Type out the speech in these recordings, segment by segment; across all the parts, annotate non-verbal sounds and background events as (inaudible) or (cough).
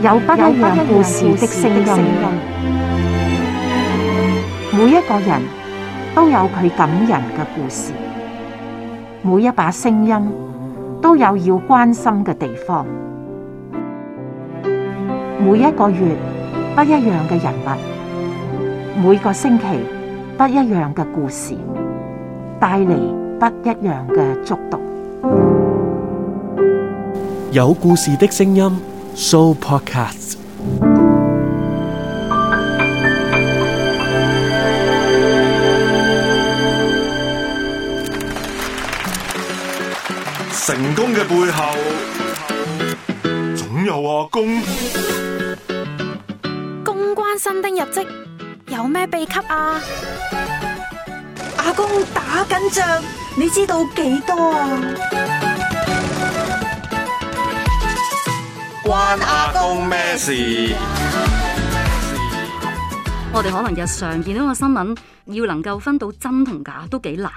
有不一樣故事的聲音，每一個人都有佢感人嘅故事，每一把聲音都有要關心嘅地方，每一個月不一樣嘅人物，每個星期不一樣嘅故事，帶嚟不一樣嘅觸動。有故事的聲音。s o Show Podcast。成功嘅背後，總有阿公。公關新丁入職，有咩秘笈啊？阿公打緊仗，你知道幾多啊？關阿公咩事？我哋可能日常見到個新聞，要能夠分到真同假都幾難。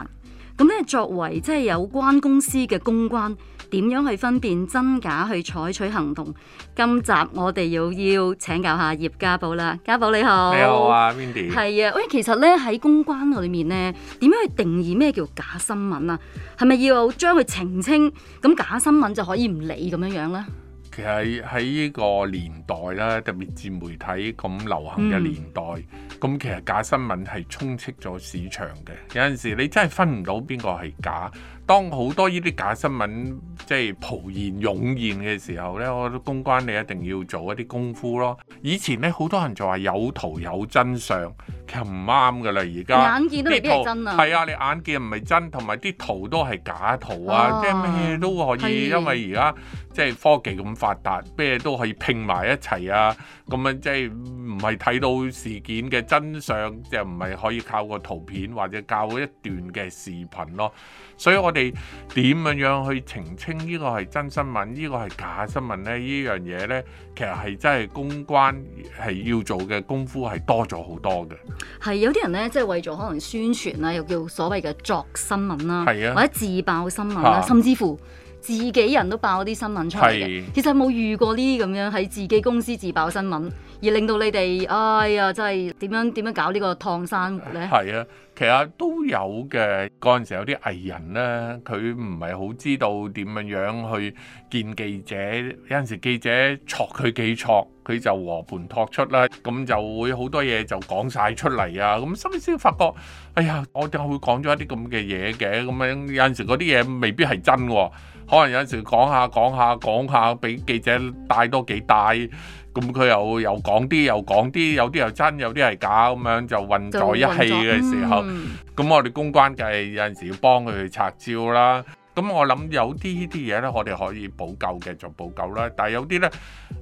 咁咧，作為即係有關公司嘅公關，點樣去分辨真假，去採取行動？今集我哋要要請教下葉家寶啦，家寶你好。你好啊，Vindy。係啊，喂，其實咧喺公關裏面咧，點樣去定義咩叫假新聞啊？係咪要將佢澄清？咁假新聞就可以唔理咁樣樣咧？其實喺呢個年代啦，特別自媒體咁流行嘅年代，咁、嗯、其實假新聞係充斥咗市場嘅。有陣時你真係分唔到邊個係假。當好多呢啲假新聞即係蒲然湧現嘅時候呢，我覺得公關你一定要做一啲功夫咯。以前呢，好多人就話有圖有真相，其實唔啱噶啦。而家眼見都未必係真，啲圖係啊，你眼見唔係真，同埋啲圖都係假圖啊。哦、即係咩都可以，是因為而家即係科技咁發達，咩都可以拼埋一齊啊。咁樣即係唔係睇到事件嘅真相，就唔、是、係可以靠個圖片或者靠一段嘅視頻咯。所以我哋、嗯。點樣樣去澄清呢個係真新聞，呢個係假新聞呢？呢樣嘢呢，其實係真係公關係要做嘅功夫係多咗好多嘅。係有啲人呢，即係為咗可能宣傳啦，又叫所謂嘅作新聞啦，啊、或者自爆新聞啦，甚至乎自己人都爆啲新聞出嚟是其實冇遇過呢啲咁樣喺自己公司自爆新聞？而令到你哋，哎呀，真係點樣點樣搞個燙山呢個燙身活呢？係啊，其實都有嘅。嗰陣時有啲藝人呢，佢唔係好知道點樣樣去見記者。有陣時記者撮佢記撮，佢就和盤托出啦。咁就會好多嘢就講晒出嚟啊。咁先先發覺，哎呀，我哋會講咗一啲咁嘅嘢嘅。咁樣有陣時嗰啲嘢未必係真喎，哦。可能有陣時講下講下講下，畀記者帶多幾帶，咁佢又又講啲又講啲，有啲又真，有啲係假，咁樣就混在一氣嘅時候，咁、嗯、我哋公關就係有陣時要幫佢去拆招啦。咁我諗有啲呢啲嘢咧，我哋可以補救嘅就補救啦。但係有啲咧，誒、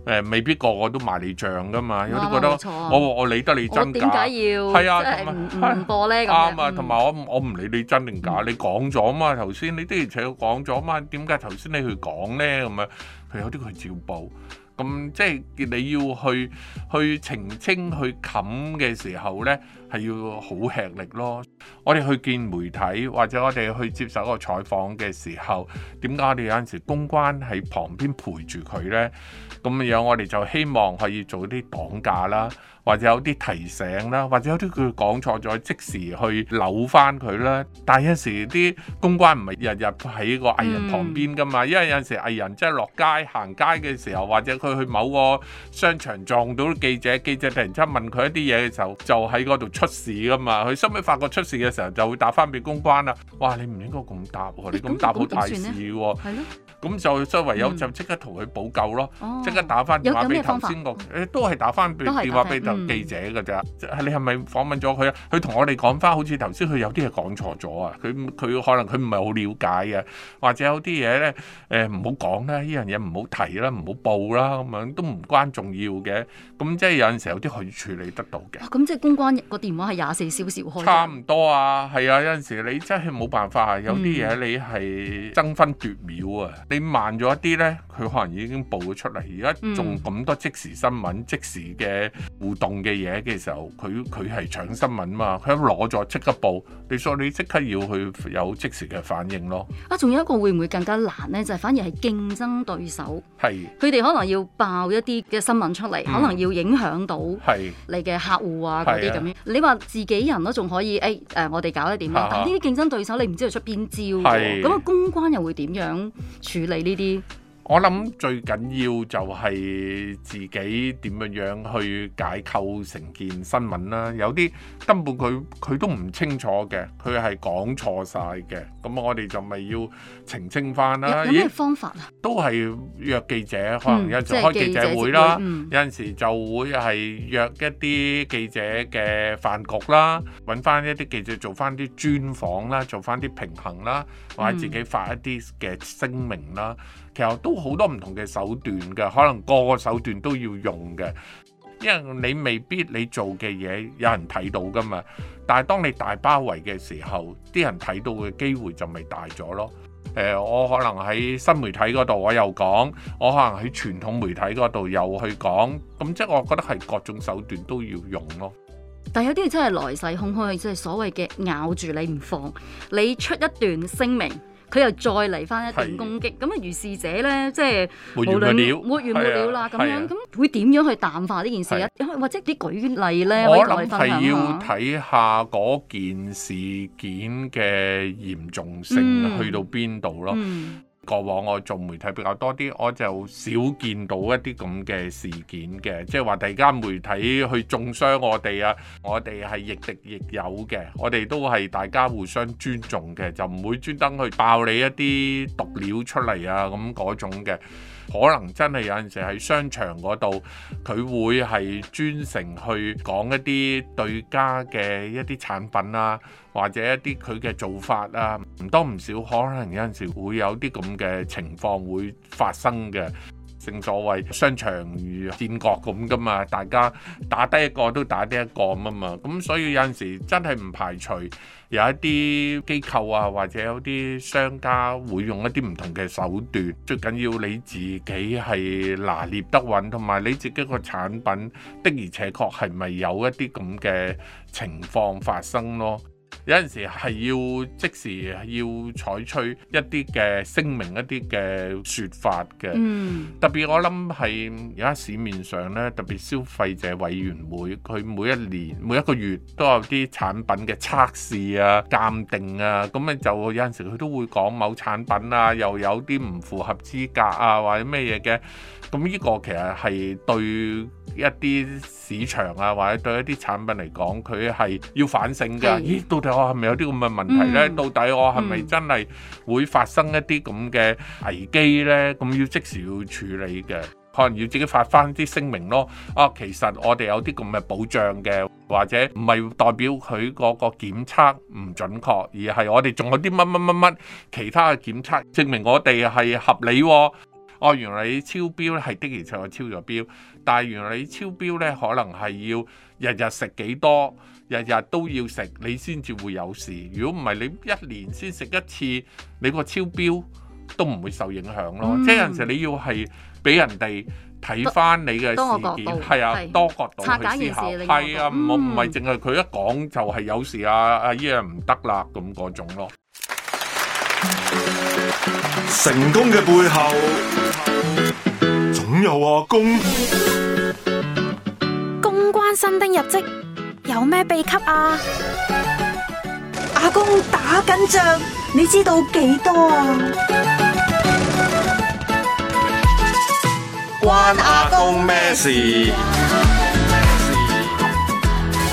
呃，未必個個都賣你賬噶嘛。有啲覺得、啊、我我理得你真假？點解要係啊？唔唔播咧？啱啊！同埋我我唔理你真定假，你講咗嘛？頭先你的而且講咗嘛？點解頭先你去講咧？咁樣，譬如有啲佢照報，咁即係你要去去澄清去冚嘅時候咧。係要好吃力咯！我哋去見媒體或者我哋去接受一個採訪嘅時候，點解我哋有陣時公關喺旁邊陪住佢呢？咁樣我哋就希望可以做啲擋駕啦，或者有啲提醒啦，或者有啲佢講錯咗，即時去扭翻佢啦。但係有時啲公關唔係日日喺個藝人旁邊㗎嘛，嗯、因為有陣時藝人即係落街行街嘅時候，或者佢去某個商場撞到記者，記者突然之間問佢一啲嘢嘅時候，就喺嗰度，出事噶嘛？佢收尾發覺出事嘅時候，就會打翻俾公關啦。哇！你唔應該咁答喎，欸、你咁答好大事喎。係咯、欸。咁、嗯、就唯有就即刻同佢補救咯。即、哦、刻打翻電話俾頭先個，誒、哦、都係打翻電電話俾個記者㗎咋。嗯、你係咪訪問咗佢啊？佢同我哋講翻，好似頭先佢有啲嘢講錯咗啊。佢佢可能佢唔係好了解啊，或者有啲嘢咧誒唔好講啦，呢樣嘢唔好提啦，唔好報啦，咁樣都唔關，關，關重要嘅。咁即係有陣時有啲佢可以處理得到嘅。咁即係公關電話係廿四小時開，差唔多啊，係啊，有陣時你真係冇辦法啊，有啲嘢你係爭分奪秒啊，你慢咗一啲咧，佢可能已經報咗出嚟。而家仲咁多即時新聞、即時嘅互動嘅嘢嘅時候，佢佢係搶新聞嘛，佢一攞咗即刻報，所以你所你即刻要去有即時嘅反應咯。啊，仲有一個會唔會更加難咧？就係、是、反而係競爭對手，係佢哋可能要爆一啲嘅新聞出嚟，嗯、可能要影響到你嘅客戶啊嗰啲咁樣，你話自己人都仲可以誒誒、哎呃，我哋搞得點啊？ (laughs) 但呢啲競爭對手，你唔知道出邊招嘅，咁是個公關又會點樣處理呢啲？我諗最緊要就係自己點樣樣去解構成件新聞啦，有啲根本佢佢都唔清楚嘅，佢係講錯晒嘅，咁我哋就咪要澄清翻啦。有啲咩方法啊？都係約記者，可能有陣開記者會啦，嗯嗯、有陣時就會係約一啲記者嘅飯局啦，揾翻一啲記者做翻啲專訪啦，做翻啲平衡啦，或者自己發一啲嘅聲明啦。其實都有好多唔同嘅手段嘅，可能個個手段都要用嘅，因為你未必你做嘅嘢有人睇到噶嘛。但係當你大包圍嘅時候，啲人睇到嘅機會就咪大咗咯。誒、呃，我可能喺新媒體嗰度我又講，我可能喺傳統媒體嗰度又去講，咁即係我覺得係各種手段都要用咯。但有啲真係來勢洶洶，即係所謂嘅咬住你唔放，你出一段聲明。佢又再嚟翻一段攻擊，咁啊如是者咧，即係沒完沒了，沒完沒了啦咁的樣，咁的會點樣去淡化呢件事啊？的或者啲舉例咧，我諗係要睇下嗰件事件嘅嚴重性去到邊度咯。嗯嗯。過往我做媒體比較多啲，我就少見到一啲咁嘅事件嘅，即係話第二間媒體去中傷我哋啊，我哋係亦敵亦友嘅，我哋都係大家互相尊重嘅，就唔會專登去爆你一啲毒料出嚟啊咁嗰種嘅。可能真係有陣時喺商場嗰度，佢會係專程去講一啲對家嘅一啲產品啊，或者一啲佢嘅做法啊，唔多唔少，可能有陣時會有啲咁嘅情況會發生嘅。正所謂商場如戰國咁㗎嘛，大家打低一個都打低一個啊嘛，咁所以有陣時真係唔排除有一啲機構啊，或者有啲商家會用一啲唔同嘅手段。最緊要你自己係拿捏得穩，同埋你自己個產品的而且確係咪有一啲咁嘅情況發生咯。有陣時係要即時要採取一啲嘅聲明、一啲嘅説法嘅。嗯。特別我諗係而家市面上呢，特別消費者委員會佢每一年每一個月都有啲產品嘅測試啊、鑑定啊，咁咧就有陣時佢都會講某產品啊，又有啲唔符合資格啊，或者咩嘢嘅。咁呢個其實係對一啲市場啊，或者對一啲產品嚟講，佢係要反省㗎。到底我係咪有啲咁嘅問題呢？嗯、到底我係咪真係會發生一啲咁嘅危機呢？咁要即時要處理嘅，可能要自己發翻啲聲明咯。啊，其實我哋有啲咁嘅保障嘅，或者唔係代表佢嗰個檢測唔準確，而係我哋仲有啲乜乜乜乜其他嘅檢測，證明我哋係合理。哦，原來你超標咧，係的而且確超咗標。但係原來你超標咧，可能係要日日食幾多，日日都要食，你先至會有事。如果唔係，你一年先食一次，你個超標都唔會受影響咯。即係有陣時你要係俾人哋睇翻你嘅事件，係啊，多角度去思考。係啊，唔係淨係佢一講就係有事啊，啊，依樣唔得啦，咁嗰種咯。成功嘅背後，總有阿公。公關新丁入職，有咩秘笈啊？阿公打緊仗，你知道幾多啊？關阿公咩事？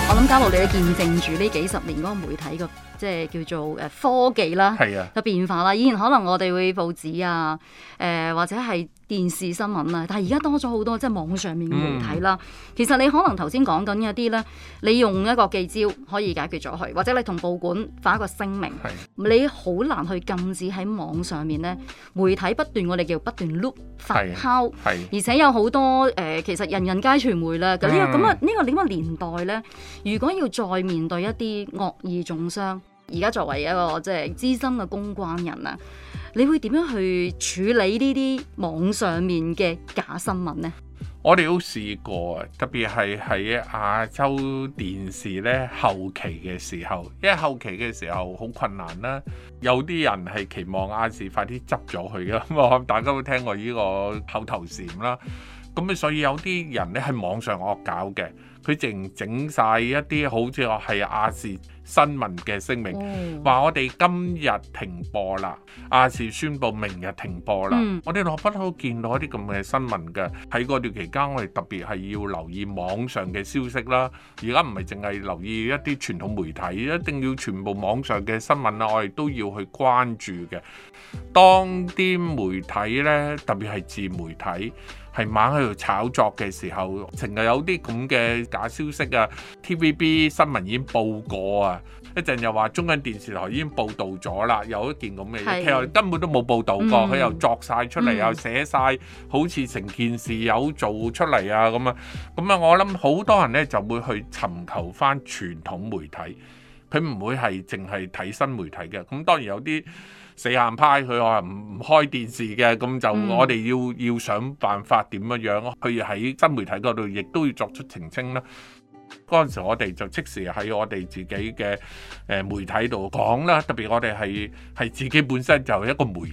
我諗今日你都見證住呢幾十年嗰個媒體嘅。即係叫做誒科技啦，嘅變、啊、化啦，以前可能我哋會報紙啊，誒、呃、或者係電視新聞啊，但係而家多咗好多即係網上面媒體啦。嗯、其實你可能頭先講緊一啲咧，你用一個記招可以解決咗佢，或者你同報館發一個聲明，是你好難去禁止喺網上面咧媒體不斷，我哋叫不斷碌 o 發酵，而且有好多誒、呃，其實人人皆傳媒啦。呢、這個咁啊呢個點啊年代咧，如果要再面對一啲惡意中傷，而家作為一個即係資深嘅公關人啊，你會點樣去處理呢啲網上面嘅假新聞呢？我哋都試過啊，特別係喺亞洲電視呢後期嘅時候，因為後期嘅時候好困難啦。有啲人係期望亞視快啲執咗佢㗎，咁大家都聽過呢個口頭禪啦。咁啊，所以有啲人呢喺網上惡搞嘅。佢淨整曬一啲好似話係亞視新聞嘅聲明，話我哋今日停播啦，亞視宣布明日停播啦。我哋落筆都見到一啲咁嘅新聞嘅。喺嗰段期間，我哋特別係要留意網上嘅消息啦。而家唔係淨係留意一啲傳統媒體，一定要全部網上嘅新聞啦，我哋都要去關注嘅。當啲媒體呢，特別係自媒體。係晚喺度炒作嘅時候，成日有啲咁嘅假消息啊！TVB 新聞已經報過啊，一陣又話中央電視台已經報導咗啦，有一件咁嘅嘢，其實是根本都冇報導過，佢、嗯、又作晒出嚟，又寫晒，嗯、好似成件事有做出嚟啊咁啊！咁啊，我諗好多人呢就會去尋求翻傳統媒體，佢唔會係淨係睇新媒體嘅。咁當然有啲。死硬派佢話唔唔開電視嘅，咁就我哋要、嗯、要想辦法點樣咯？佢喺新媒體嗰度亦都要作出澄清啦。嗰陣時，我哋就即時喺我哋自己嘅誒媒體度講啦。特別我哋係係自己本身就係一個媒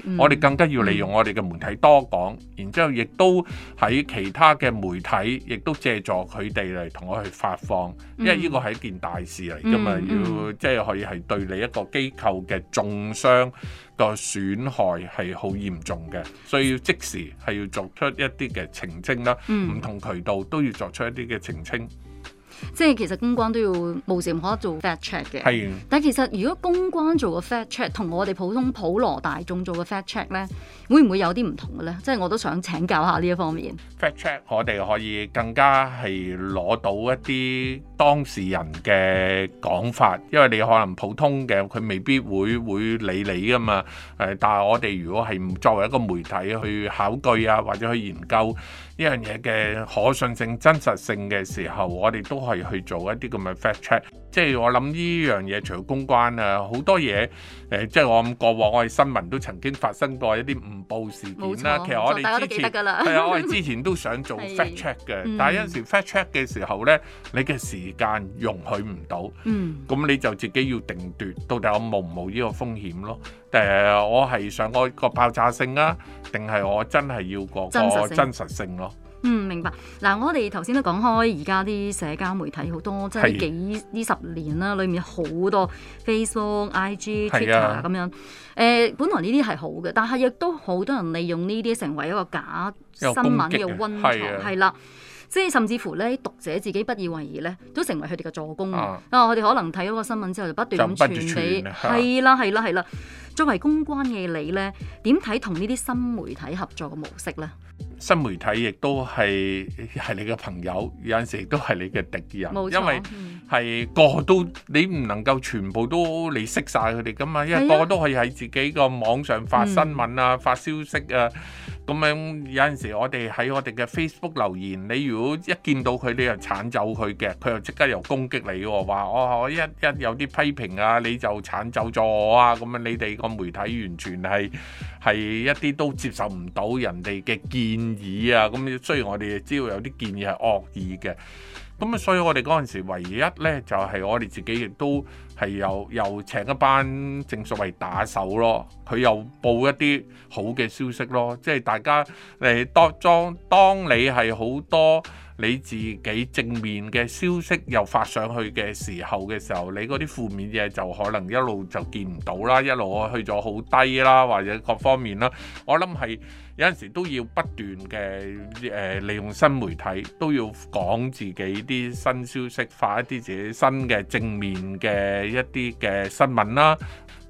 體，我哋更加要利用我哋嘅媒體多講。然之後，亦都喺其他嘅媒體，亦都借助佢哋嚟同我去發放，因為呢個係一件大事嚟㗎嘛。要即係可以係對你一個機構嘅中傷個損害係好嚴重嘅，所以要即時係要作出一啲嘅澄清啦。唔同渠道都要作出一啲嘅澄清。即係其實公關都要無時唔可做 fact check 嘅。係的。但係其實如果公關做個 fact check 同我哋普通普羅大眾做個 fact check 咧，會唔會有啲唔同嘅咧？即係我都想請教下呢一方面。fact check 我哋可以更加係攞到一啲當事人嘅講法，因為你可能普通嘅佢未必會會理你㗎嘛。誒，但係我哋如果係作為一個媒體去考據啊，或者去研究。呢樣嘢嘅可信性、真實性嘅時候，我哋都可以去做一啲咁嘅 fact check 即。即係我諗呢樣嘢，除咗公關啊，好多嘢誒，即係我咁過往，我哋新聞都曾經發生過一啲誤報事件啦。 (laughs) 其實我哋之前係啊，我哋之前都想做 fact check 嘅，是但係有時 fact check 嘅時候咧，你嘅時間容許唔到，咁、嗯、你就自己要定奪，到底我冒唔冒呢個風險咯？誒、uh，我係想講個爆炸性啊，定係我真係要講個真實性咯、啊？嗯，明白。嗱，我哋頭先都講開，而家啲社交媒體好多，即係幾呢的十年啦的，裏面好多 Facebook、IG、Twitter 咁樣。誒、呃，本來呢啲係好嘅，但係亦都好多人利用呢啲成為一個假新聞嘅溫床，係啦的。即係甚至乎咧，讀者自己不以為意咧，都成為佢哋嘅助攻。啊，我哋、啊、可能睇咗個新聞之後，就不斷咁傳俾，係啦係啦係啦。作為公關嘅你咧，點睇同呢啲新媒體合作嘅模式咧？新媒體亦都係係你嘅朋友，有陣時都係你嘅敵人，錯因為係個個都你唔能夠全部都你識晒佢哋噶嘛，因為個個都可以喺自己個網上發新聞啊、哎、呀發消息啊咁樣。有陣時我哋喺我哋嘅 Facebook 留言，你如果一見到佢，你就鏟走佢嘅，佢又即刻又攻擊你，話我我一一有啲批評啊，你就鏟走咗我啊，咁啊，你哋個媒體完全係係一啲都接受唔到人哋嘅意見。建議啊，咁雖然我哋知道有啲建議係惡意嘅，咁啊，所以我哋嗰陣時唯一呢，就係、係、我哋自己亦都係有又請一班正所謂打手咯，佢又報一啲好嘅消息咯，即係大家嚟裝裝。當你係好多你自己正面嘅消息又發上去嘅時候嘅時候，你嗰啲負面嘢就可能一路就見唔到啦，一路去咗好低啦，或者各方面啦，我諗係。有陣時都要不斷嘅誒利用新媒體，都要講自己啲新消息，發一啲自己新嘅正面嘅一啲嘅新聞啦。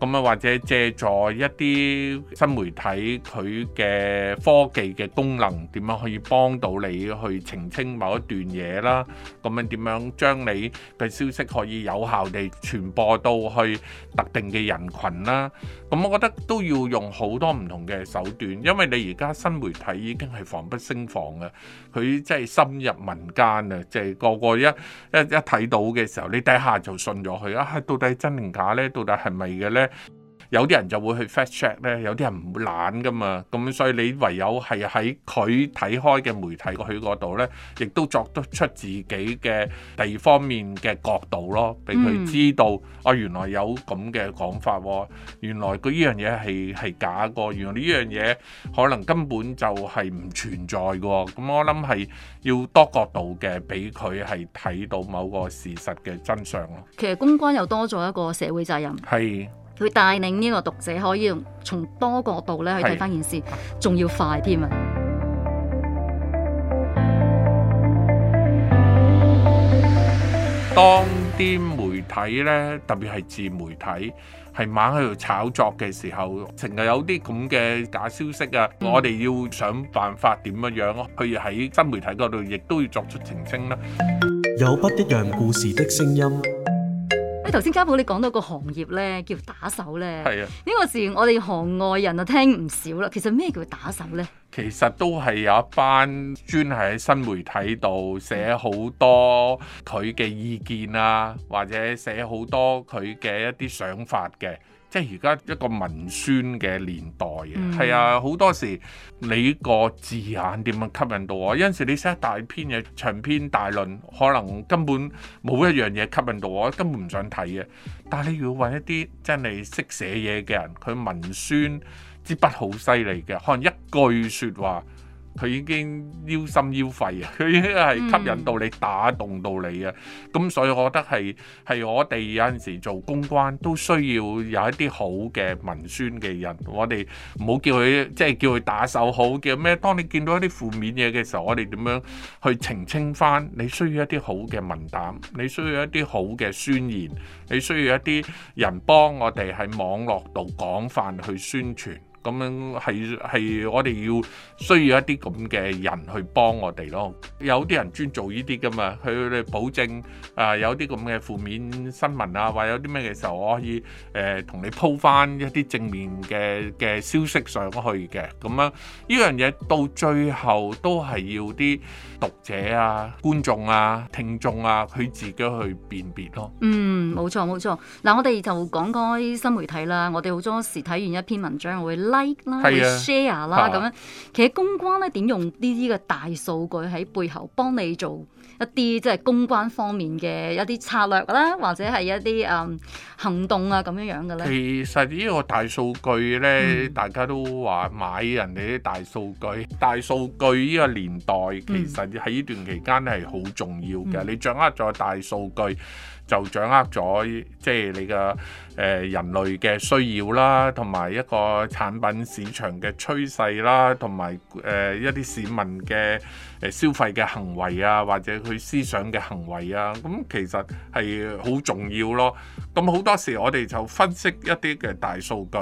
咁啊，或者借助一啲新媒體佢嘅科技嘅功能，點樣可以幫到你去澄清某一段嘢啦？咁樣點樣將你嘅消息可以有效地傳播到去特定嘅人群啦？咁我覺得都要用好多唔同嘅手段，因為你而而家新媒體已經係防不勝防啊！佢真係深入民間啊！即係個個一一一睇到嘅時候，你底下就信咗佢啊！到底真定假呢？到底係咪嘅呢？有啲人就會去 fact check 咧，有啲人唔懶噶嘛，咁所以你唯有係喺佢睇開嘅媒體佢嗰度咧，亦都作得出自己嘅第二方面嘅角度咯，俾佢知道啊、嗯哎，原來有咁嘅講法喎，原來佢呢樣嘢係係假個，原來呢依樣嘢可能根本就係唔存在個，咁我諗係要多角度嘅俾佢係睇到某個事實嘅真相咯。其實公關又多咗一個社會責任，係。佢帶領呢個讀者可以從多角度咧去睇翻件事，仲要快添啊！當啲媒體咧，特別係自媒體，係猛喺度炒作嘅時候，成日有啲咁嘅假消息啊！我哋要想辦法點樣樣去喺新媒體嗰度，亦都要作出澄清啦。有不一樣故事的聲音。頭先家寶你講到個行業咧叫打手咧，呢是的 個時我哋行外人啊聽唔少啦。其實咩叫打手咧？其實都係有一班專係喺新媒體度寫好多佢嘅意見啊，或者寫好多佢嘅一啲想法嘅。即係而家一個文宣嘅年代，嗯、啊，係啊，好多時你個字眼點樣吸引到我？有陣時你寫一大篇嘢，長篇大論，可能根本冇一樣嘢吸引到我，我根本唔想睇嘅。但係你要揾一啲真係識寫嘢嘅人，佢文宣支筆好犀利嘅，可能一句說話。佢已經腰心腰肺啊！佢已經係吸引到你，打動到你啊！咁所以我覺得係係我哋有陣時做公關都需要有一啲好嘅文宣嘅人。我哋唔好叫佢即係叫佢打手好叫咩？當你見到一啲負面嘢嘅時候，我哋點樣去澄清翻？你需要一啲好嘅文膽，你需要一啲好嘅宣言，你需要一啲人幫我哋喺網絡度廣泛去宣傳。咁樣係係我哋要需要一啲咁嘅人去幫我哋咯。有啲人專做呢啲噶嘛，佢哋保證啊有啲咁嘅負面新聞啊，或有啲咩嘅時候，我可以誒同你鋪翻一啲正面嘅嘅消息上去嘅。咁樣呢樣嘢到最後都係要啲讀者啊、觀眾啊、聽眾啊，佢自己去辨別咯。嗯，冇錯冇錯。嗱，我哋就講開新媒體啦。我哋好多時睇完一篇文章我會。like 啦，share 啦，咁 sh、啊、樣，其實公關咧點用呢啲嘅大數據喺背後幫你做一啲即係公關方面嘅一啲策略啦，或者係一啲誒、嗯、行動啊咁樣樣嘅咧。其實呢個大數據咧，嗯、大家都話買人哋啲大數據，大數據呢個年代其實喺呢段期間咧係好重要嘅，嗯嗯、你掌握咗大數據，就掌握咗即係你嘅誒、呃、人類嘅需要啦，同埋一個產品市場嘅趨勢啦，同埋誒一啲市民嘅誒消費嘅行為啊，或者佢思想嘅行為啊，咁其實，係好重要咯。咁好多時，我哋就分析一啲嘅大數據，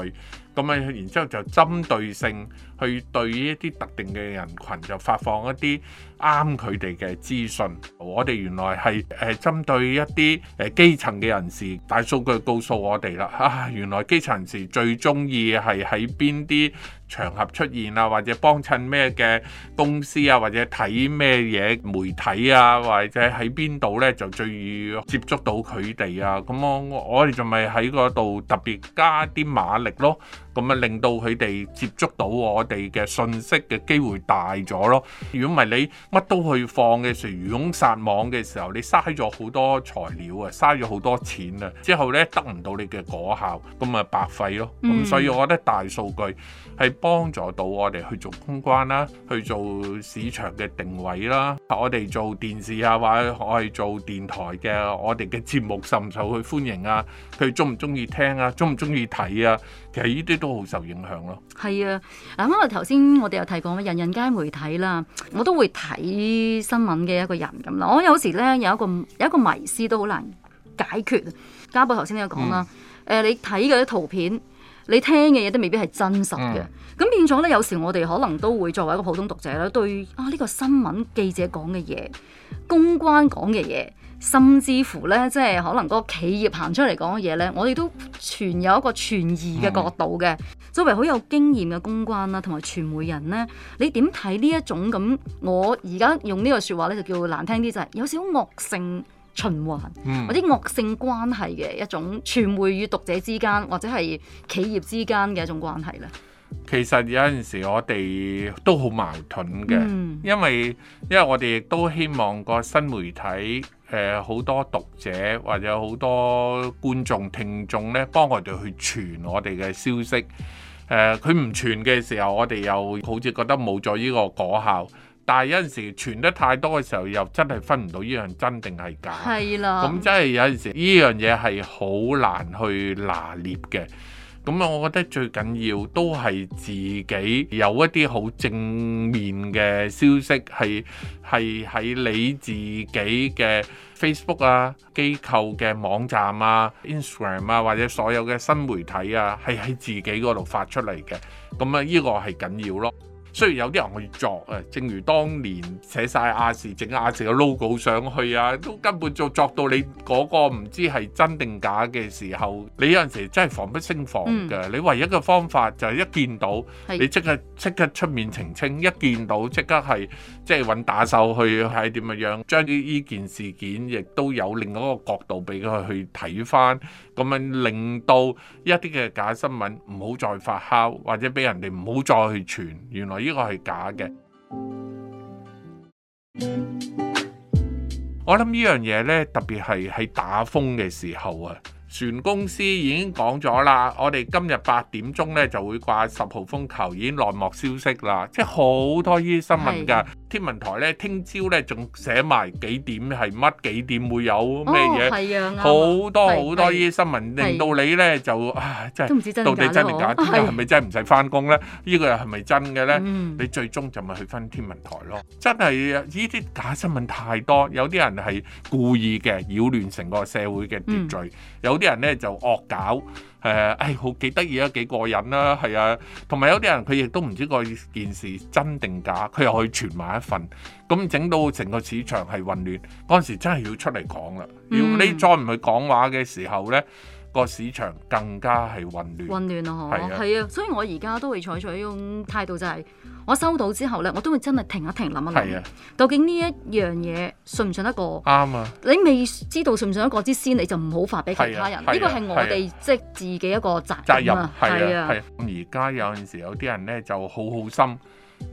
咁啊，然之後就針對性。去對一啲特定嘅人群就發放一啲啱佢哋嘅資訊。我哋原來係誒針對一啲誒基層嘅人士，大數據告訴我哋啦，啊原來基層人士最鍾意係喺邊啲場合出現啊，或者幫襯咩嘅公司啊，或者睇咩嘢媒體啊，或者喺邊度咧就最易接觸到佢哋啊。咁我哋仲咪喺嗰度特別加啲馬力咯。咁啊，令到佢哋接觸到我哋嘅信息嘅機會大咗咯。如果唔係你乜都去放嘅時，如果撒網嘅時候，你嘥咗好多材料啊，嘥咗好多錢啊，之後呢得唔到你嘅果效，咁咪白費咯。咁、嗯、所以我覺得大數據。係幫助到我哋去做公關啦，去做市場嘅定位啦。我哋做電視啊，或者我哋做電台嘅，我哋嘅節目甚受唔受佢歡迎啊？佢中唔中意聽啊？中唔中意睇啊？其實呢啲都好受影響咯。係啊，啱啱頭先我哋有提過人人皆媒體啦，我都會睇新聞嘅一個人咁啦。我有時咧有一個有一個迷思都好難解決。嘉寶頭先都有講啦，誒、嗯呃、你睇啲圖片。你聽嘅嘢都未必係真實嘅，咁、嗯、變咗咧，有時我哋可能都會作為一個普通讀者咧，對啊呢、呢個新聞記者講嘅嘢、公關講嘅嘢，甚至乎咧即係可能個企業行出嚟講嘅嘢咧，我哋都存有一個存疑嘅角度嘅。嗯、作為好有經驗嘅公關啦、啊，同埋傳媒人咧，你點睇呢一種咁？我而家用個說呢個説話咧，就叫難聽啲就係、是、有少少惡性循環嗰啲惡性關係嘅一種傳媒與讀者之間，或者係企業之間嘅一種關係咧。其實有陣時我哋都好矛盾嘅、嗯，因為因為我哋亦都希望個新媒體誒、呃、好多讀者或者好多觀眾聽眾咧，幫我哋去傳我哋嘅消息。誒，佢唔傳嘅時候，我哋又好似覺得冇咗呢個果效。但係有陣時傳得太多嘅時候，又真係分唔到依樣真定係假。係啦。咁真係有陣時，依樣嘢係好難去拿捏嘅。咁啊，我覺得最緊要都係自己有一啲好正面嘅消息，係係喺你自己嘅 Facebook 啊、機構嘅網站啊、Instagram 啊，或者所有嘅新媒體啊，係喺自己嗰度發出嚟嘅。咁啊，依個係緊要咯。雖然有啲人去作啊，正如當年寫晒亞視整亞視嘅 logo 上去啊，都根本就作到你嗰個唔知係真定假嘅時候，你有陣時真係防不勝防嘅。嗯、你唯一嘅方法就係一見到，是你即刻即刻出面澄清，一見到即刻係即係揾打手去係點樣樣，將呢件事件亦都有另一個角度俾佢去睇翻，咁樣令到一啲嘅假新聞唔好再發酵，或者俾人哋唔好再去傳。原來呢個係假嘅，我諗呢樣嘢咧，特別係喺打風嘅時候啊，船公司已經講咗啦，我哋今日八點鐘咧就會掛十號風球，已經內幕消息啦，即係好多呢啲新聞㗎。天文台咧，聽朝咧仲寫埋幾點係乜幾點會有咩嘢，好、哦、多好的多呢啲的新聞，令到的你咧就啊，真係到底真定假？點係咪真係唔使翻工咧？這個、是是呢個又係咪真嘅咧？嗯、你最終就咪去翻天文台咯。真係呢啲假新聞太多，有啲人係故意嘅擾亂成個社會嘅秩序，嗯、有啲人咧就惡搞。誒，誒好幾得意啦，幾過癮啦，係啊，同、哎、埋有啲、啊、人佢亦都唔知個件事真定假，佢又可以傳埋一份，咁整到成個市場係混亂，嗰陣時真係要出嚟講啦，如果你再唔去講話嘅時候呢。嗯個市場更加係混亂，混亂咯，係啊，啊，所以我而家都會採取呢種態度，就係我收到之後呢，我都會真係停一停想一想，諗一諗，究竟呢一樣嘢信唔信得過？啱啊！你未知道信唔信得過之先，你就唔好發俾其他人。呢個係我哋即係自己一個責任責任，係啊。咁而家有陣時有啲人呢就好好心，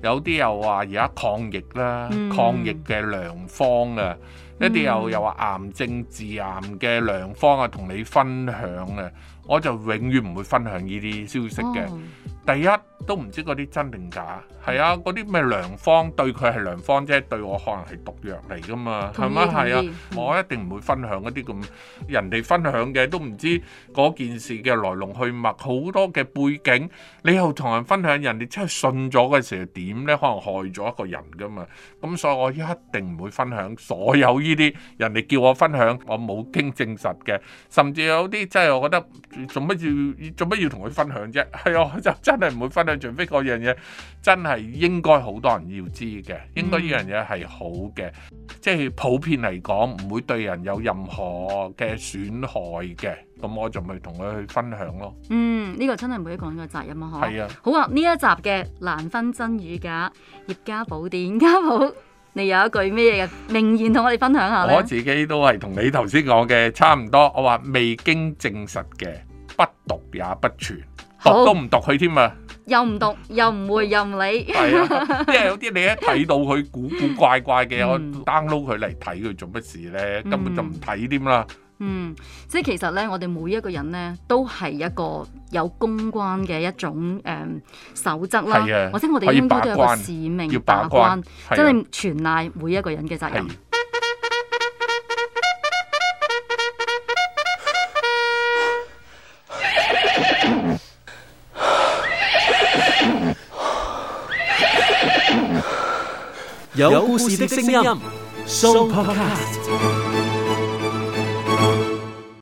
有啲又話而家抗疫啦，嗯、抗疫嘅良方啊！一啲又又話癌症治癌嘅良方啊，同你分享啊，我就永遠唔會分享呢啲消息嘅。哦第一都唔知嗰啲真定假，係啊，嗰啲咩良方對佢係良方啫，對我可能係毒藥嚟噶嘛，係咪？係啊，同意，我一定唔會分享一啲咁人哋分享嘅，都唔知嗰件事嘅來龍去脈好多嘅背景，你又同人分享，人哋真係信咗嘅時候點咧？可能害咗一個人噶嘛。咁所以我一定唔會分享所有呢啲人哋叫我分享，我冇經證實嘅，甚至有啲真係我覺得做乜要做乜要同佢分享啫？係啊，就真真係唔會分享，除非嗰樣嘢真係應該好多人要知嘅，應該呢樣嘢係好嘅，嗯、即係普遍嚟講唔會對人有任何嘅損害嘅。咁我就咪同佢去分享咯。嗯，呢、這個真係唔可以講呢個責任啊，嗬。係啊。好啊，呢一集嘅難分真與假，《葉家寶典》，家寶你有一句咩嘅名言同我哋分享下？我自己都係同你頭先講嘅差唔多，我話未經證實嘅不讀也不傳。讀都唔讀佢添啊！又唔讀，又唔會，又唔理。啊，即係有啲你一睇到佢古古怪怪嘅，我 download 佢嚟睇佢做乜事咧，根本就唔睇添啦。嗯，即係其實咧，我哋每一個人咧，都係一個有公關嘅一種誒守則啦，或者我哋應該都有個使命要把關，真係全賴每一個人嘅責任。有故事的聲音蘇帕卡。